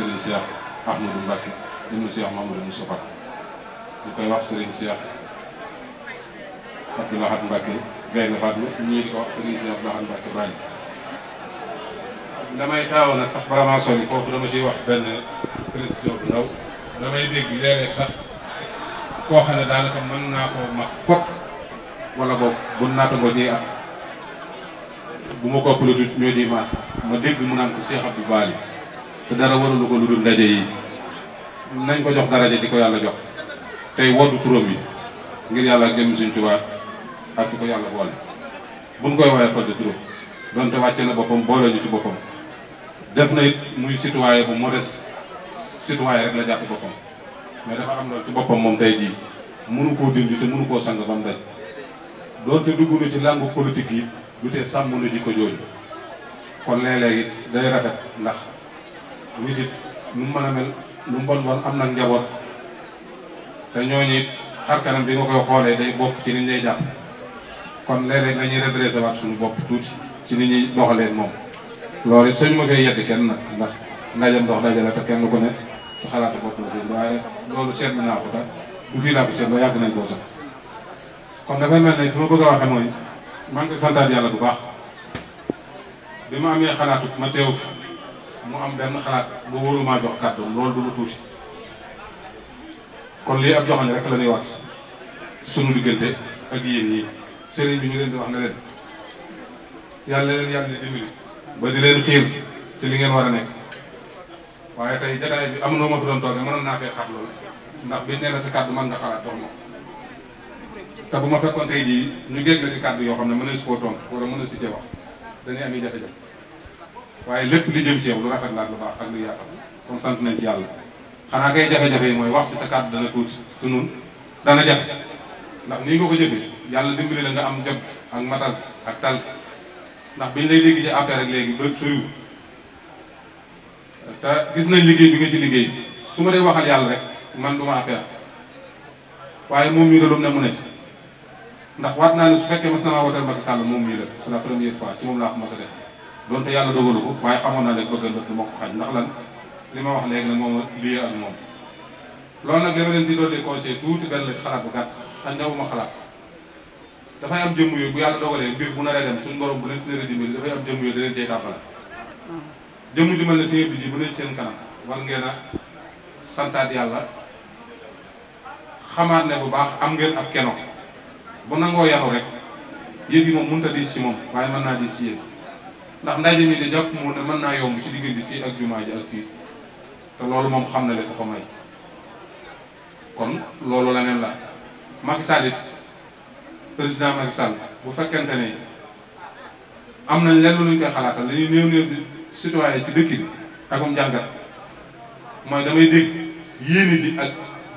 sëriñ Cheikh Ahmadou Mbacke ibnu Cheikh Mamadou Moustapha ñu koy wax sëriñ Cheikh Abdou Lahad Mbacke Gaynde Fatma ñii di ko wax sëriñ Cheikh Abdou damay taaw nag sax vraiment sori foofu dama ciy wax benn précision bu ndaw damay dégg léeg sax koo xam ne daanaka mën naa koo mag fokk wala boog bu naata ngoo ciy at ko maas ma dégg mu naan ko Cheikh Abdou Bali te dara waralu ko lu dul ndaje yi nañ ko jox daraja di ko yàlla jox tey wootu turam yi ngir yàlla ak jëm suñ Tuubaa ak fi ko yàlla boole bu mu koy woowee fëdd turam donte wàcce na boppam boole ñu ci boppam def na it muy citoyen bu modeste citoyen rek na jàpp boppam mais dafa am loolu ci boppam moom tey jii mënu koo dindi te mënu koo sang ba mu daj doonte dugg na ci làngu politique yi du tee sàmm na ji ko jooju kon léeg-léeg day rafet ndax nit it nu mu mën a mel lu mu bon am na njaboot te ñooñu it xar kanam bi nga koy xoolee day bokk ci ni ñuy jàpp kon léeg-léeg dañuy waat suñu bopp tuuti ci ni ñuy doxaleen moom. loolu it sëñ ma koy yedd kenn nag ndax ndajam ndox daje la te kenn ko ne sa xalaatu bopp la jënd waaye loolu seetlu naa ko tax du fii laa ko seetloo yàgg nañ koo sax kon dafay mel ne fi ma bëgg a waxee mooy maa ngi yàlla bu baax bi ma amee xalaatu ma teew mu am benn xalaat bu wóorumaa jox kàddoom loolu bu lu tuuti kon lii ak joxañ rek la ñuy wax sunu diggante ak yéen ñi sëriñ bi ñu leen di wax na leen yàlla leen yàlla dimbali ba di leen xiir ci li ngeen war a nekk waaye tey jataay bi am noo ma fi doon toogee mënoon naa fee xat loolu ndax biñ nee na sa kàddu man nga xalaat dox ma te bu ma fekkoon tey jii ñu géeg la ci kàddu yoo xam ne mën na si koo tontu wala mën a si cee wax dañuy am jafe-jafe waaye lépp li jëm ci yow lu rafet la ak lu baax ak lu yaatal kon sant nañ ci yàlla xanaa kay jafe-jafe yi mooy wax ci sa kàddu dana tuuti te nun dana jafe ndax nii nga ko jëfee yàlla dimbali la nga am jot ak matal ak tal ndax biñ lay dégg ci affaire rek léegi ba soriwul te gis nañ liggéey bi nga ci liggéey su ma dee waxal yàlla rek man du ma affaire waaye moom mii la doon ne mu ne ci ndax waat naa ne su fekkee mas na maa wotal Macky Sall moom la c'est la donte yàlla dogalu ko waaye xamoon naa ne bëggal na du ma ko xaj ndax lan li ma wax léegi nag moom lii ak moom loolu nag dama leen ci dolli conseil tuuti benn xalaat bu gàtt xañ na bu ma xalaat dafay am jëmm yooyu bu yàlla dogalee mbir bu naree dem suñu borom bu leen ci naree dimbali dafay am jëmm yooyu da leen cee tàbbale hmm. jëmm ji mel ne seen ji bu ne seen kanam war ngeen a santaat yàlla xamaat ne bu baax am ngeen ab keno bu nangoo yanu rek yëf yi moom mënut a diis ci moom waaye mën naa diis ci yéen ndax ndaje mi de jàpp mu ne mën naa yomb ci diggante fii ak jumaa ji ak fii te loolu moom xam na li ko ko may kon loolu la neen la Macky Sall it président Macky Sall bu fekkente ne am na lenn lu ñu koy xalaatal dañuy néew néew di citoyen ci dëkk bi takum jàngat mooy damay dégg yéene ji ak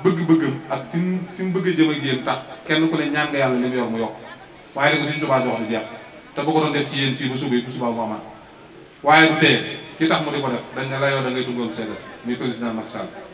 bëgg-bëggam ak fi mu fi mu bëgg a jëm ak yéen tax kenn ku ne ñaan nga yàlla li mu yor mu yokk waaye da ko suñu tubaab jox du jeex te bu ko doon def ci yéen fii bu subi bu subaa mu amaat waaye du tee ki tax mu di ko def dañ ne la yow da ngay dungoon seedes muy président Macky Sall